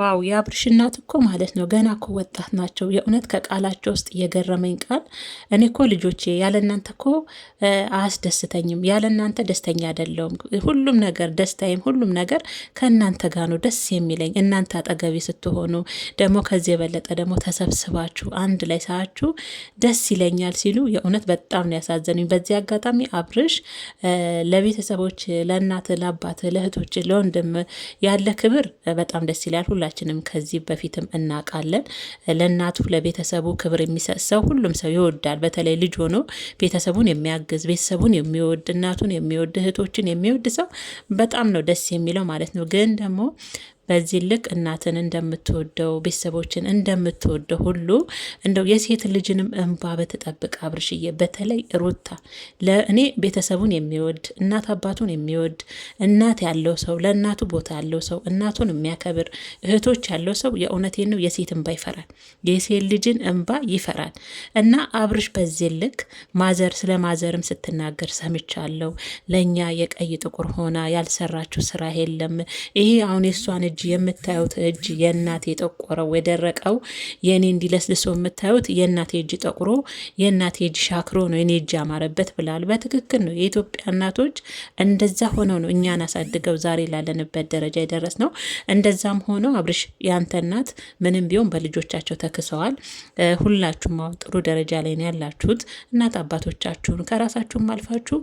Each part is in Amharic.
ዋው የአብርሽ እናት እኮ ማለት ነው ገና እኮ ወጣት ናቸው። የእውነት ከቃላቸው ውስጥ የገረመኝ ቃል እኔ እኮ ልጆቼ ያለ እናንተ እኮ አያስደስተኝም፣ ያለ እናንተ ደስተኛ አይደለሁም። ሁሉም ነገር ደስታዬም፣ ሁሉም ነገር ከእናንተ ጋር ነው ደስ የሚለኝ እናንተ አጠገቤ ስትሆኑ፣ ደግሞ ከዚህ የበለጠ ደግሞ ተሰብስባችሁ አንድ ላይ ሳያችሁ ደስ ይለኛል ሲሉ የእውነት በጣም ነው ያሳዘኑኝ። በዚህ አጋጣሚ አብርሽ ለቤተሰቦች ለእናት ለአባት ለእህቶች ለወንድም ያለ ክብር በጣም ደስ ይላል። ሁላችንም ከዚህ በፊትም እናውቃለን። ለእናቱ ለቤተሰቡ ክብር የሚሰጥ ሰው ሁሉም ሰው ይወዳል። በተለይ ልጅ ሆኖ ቤተሰቡን የሚያግዝ ቤተሰቡን የሚወድ እናቱን የሚወድ እህቶችን የሚወድ ሰው በጣም ነው ደስ የሚለው ማለት ነው። ግን ደግሞ በዚህ ልክ እናትን እንደምትወደው ቤተሰቦችን እንደምትወደው ሁሉ እንደው የሴት ልጅንም እንባ በተጠብቅ አብርሽዬ፣ በተለይ ሩታ ለእኔ ቤተሰቡን የሚወድ እናት አባቱን የሚወድ እናት ያለው ሰው ለእናቱ ቦታ ያለው ሰው እናቱን የሚያከብር እህቶች ያለው ሰው የእውነቴን ነው የሴት እንባ ይፈራል፣ የሴት ልጅን እንባ ይፈራል። እና አብርሽ በዚህ ልክ ማዘር ስለ ማዘርም ስትናገር ሰምቻለሁ። ለእኛ የቀይ ጥቁር ሆና ያልሰራችው ስራ የለም ይሄ አሁን የእሷን እጅ የምታዩት እጅ የእናቴ የጠቆረው የደረቀው የእኔ እንዲለስልሶ የምታዩት የእናቴ እጅ ጠቁሮ የእናቴ እጅ ሻክሮ ነው የኔ እጅ ያማረበት ብላል። በትክክል ነው። የኢትዮጵያ እናቶች እንደዛ ሆነው ነው እኛን አሳድገው ዛሬ ላለንበት ደረጃ የደረስ ነው። እንደዛም ሆነው አብርሽ ያንተ እናት ምንም ቢሆን በልጆቻቸው ተክሰዋል። ሁላችሁም ጥሩ ደረጃ ላይ ነው ያላችሁት። እናት አባቶቻችሁን ከራሳችሁም አልፋችሁ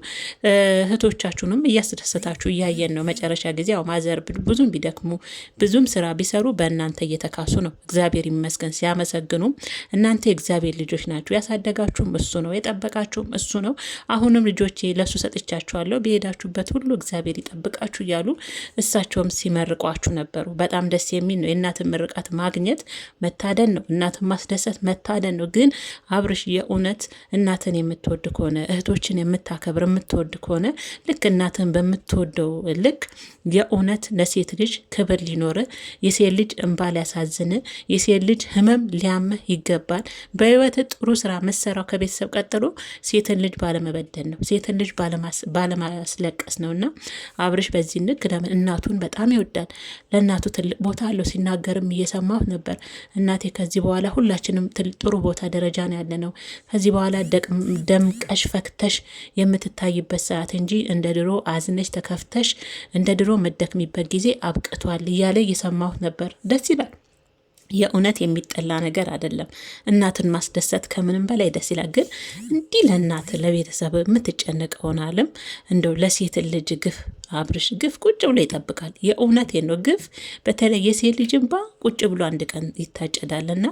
እህቶቻችሁንም እያስደሰታችሁ እያየን ነው። መጨረሻ ጊዜ ያው ማዘር ብዙም ቢደክሙ ብዙም ስራ ቢሰሩ በእናንተ እየተካሱ ነው። እግዚአብሔር ይመስገን ሲያመሰግኑም፣ እናንተ የእግዚአብሔር ልጆች ናችሁ። ያሳደጋችሁም እሱ ነው፣ የጠበቃችሁም እሱ ነው። አሁንም ልጆቼ ለሱ ሰጥቻችኋለሁ፣ በሄዳችሁበት ሁሉ እግዚአብሔር ይጠብቃችሁ እያሉ እሳቸውም ሲመርቋችሁ ነበሩ። በጣም ደስ የሚል ነው። የእናትን ምርቃት ማግኘት መታደን ነው። እናትን ማስደሰት መታደን ነው። ግን አብርሽ የእውነት እናትን የምትወድ ከሆነ እህቶችን የምታከብር የምትወድ ከሆነ ልክ እናትን በምትወደው ልክ የእውነት ለሴት ልጅ ክብር ሊኖር የሴት ልጅ እንባ ሊያሳዝን የሴት ልጅ ህመም ሊያምህ ይገባል። በህይወት ጥሩ ስራ መሰራው ከቤተሰብ ቀጥሎ ሴትን ልጅ ባለመበደል ነው፣ ሴትን ልጅ ባለማስለቀስ ነው። እና አብርሽ በዚህ ለምን እናቱን በጣም ይወዳል። ለእናቱ ትልቅ ቦታ አለው። ሲናገርም እየሰማሁ ነበር። እናቴ ከዚህ በኋላ ሁላችንም ጥሩ ቦታ ደረጃ ነው ያለ ነው። ከዚህ በኋላ ደምቀሽ ፈክተሽ የምትታይበት ሰዓት እንጂ እንደ ድሮ አዝነሽ ተከፍተሽ እንደ ድሮ መደክሚበት ጊዜ አብቅቷል። እያለ እየሰማሁት ነበር። ደስ ይላል። የእውነት የሚጠላ ነገር አይደለም። እናትን ማስደሰት ከምንም በላይ ደስ ይላል። ግን እንዲህ ለእናት ለቤተሰብ የምትጨነቅ ሆናልም እንደው ለሴት ልጅ ግፍ አብርሽ ግፍ ቁጭ ብሎ ይጠብቃል። የእውነት ነው ግፍ በተለይ የሴት ልጅ እንባ ቁጭ ብሎ አንድ ቀን ይታጨዳልና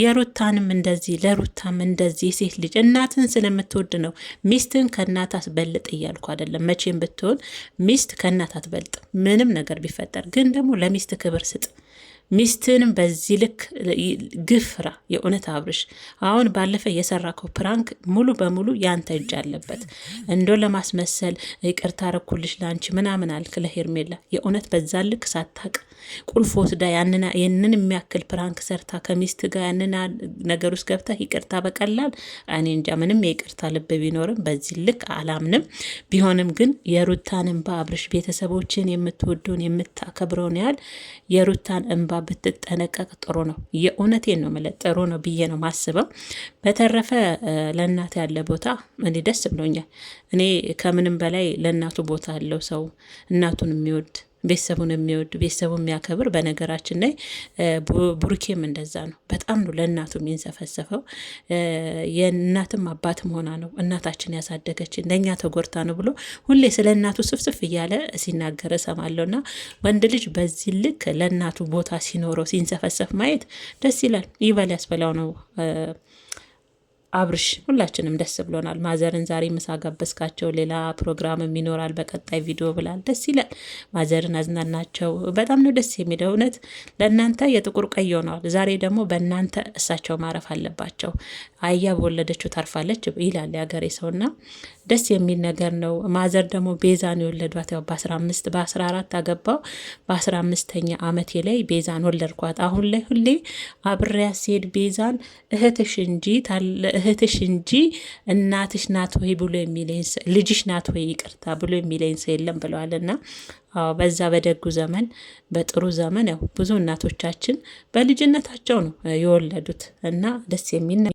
የሩታንም እንደዚህ ለሩታም እንደዚህ የሴት ልጅ እናትን ስለምትወድ ነው። ሚስትን ከእናት አስበልጥ እያልኩ አይደለም። መቼም ብትሆን ሚስት ከእናት አትበልጥ፣ ምንም ነገር ቢፈጠር። ግን ደግሞ ለሚስት ክብር ስጥ ሚስትንም በዚህ ልክ ግፍራ። የእውነት አብርሽ አሁን ባለፈ የሰራከው ፕራንክ ሙሉ በሙሉ ያንተ እጅ አለበት። እንዶ ለማስመሰል ይቅርታ ረኩልሽ ለአንቺ ምናምን አልክ ለሄርሜላ። የእውነት በዛ ልክ ሳታቅ ቁልፍ ወስዳ ያንን የሚያክል ፕራንክ ሰርታ ከሚስት ጋር ያንን ነገር ውስጥ ገብተህ ይቅርታ በቀላል እኔ እንጃ። ምንም የይቅርታ ልብ ቢኖርም በዚህ ልክ አላምንም። ቢሆንም ግን የሩታን እንባ አብርሽ ቤተሰቦችን የምትወዱን የምታከብረውን ያህል የሩታን እንባ ጋር ብትጠነቀቅ ጥሩ ነው። የእውነቴን ነው የምልህ ጥሩ ነው ብዬ ነው ማስበው። በተረፈ ለእናት ያለ ቦታ እኔ ደስ ብሎኛል። እኔ ከምንም በላይ ለእናቱ ቦታ ያለው ሰው እናቱን የሚወድ ቤተሰቡን የሚወድ ቤተሰቡን የሚያከብር። በነገራችን ላይ ቡርኬም እንደዛ ነው። በጣም ነው ለእናቱ የሚንሰፈሰፈው። የእናትም አባትም ሆና ነው እናታችን ያሳደገችን ለእኛ ተጎርታ ነው ብሎ ሁሌ ስለ እናቱ ስፍስፍ እያለ ሲናገር እሰማለሁ። እና ወንድ ልጅ በዚህ ልክ ለእናቱ ቦታ ሲኖረው ሲንሰፈሰፍ ማየት ደስ ይላል። ይበል ያስበላው ነው አብርሽ ሁላችንም ደስ ብሎናል። ማዘርን ዛሬ ምሳ ጋበዝካቸው፣ ሌላ ፕሮግራምም ይኖራል በቀጣይ ቪዲዮ ብላል። ደስ ይላል። ማዘርን አዝናናቸው። በጣም ነው ደስ የሚለው። እውነት ለእናንተ የጥቁር ቀይ ሆነዋል። ዛሬ ደግሞ በእናንተ እሳቸው ማረፍ አለባቸው። አያ በወለደችው ታርፋለች ይላል የሀገሬ ሰውና ደስ የሚል ነገር ነው። ማዘር ደግሞ ቤዛን የወለዷት ያው በ15 በ14 አገባው በ15ኛ አመቴ ላይ ቤዛን ወለድኳት። አሁን ላይ ሁሌ አብሬያ ስሄድ ቤዛን እህትሽ እንጂ እህትሽ እንጂ እናትሽ ናት ወይ ብሎ የሚለኝ ልጅሽ ናት ወይ ይቅርታ ብሎ የሚለኝ ሰው የለም ብለዋልና በዛ በደጉ ዘመን በጥሩ ዘመን ያው ብዙ እናቶቻችን በልጅነታቸው ነው የወለዱት እና ደስ የሚል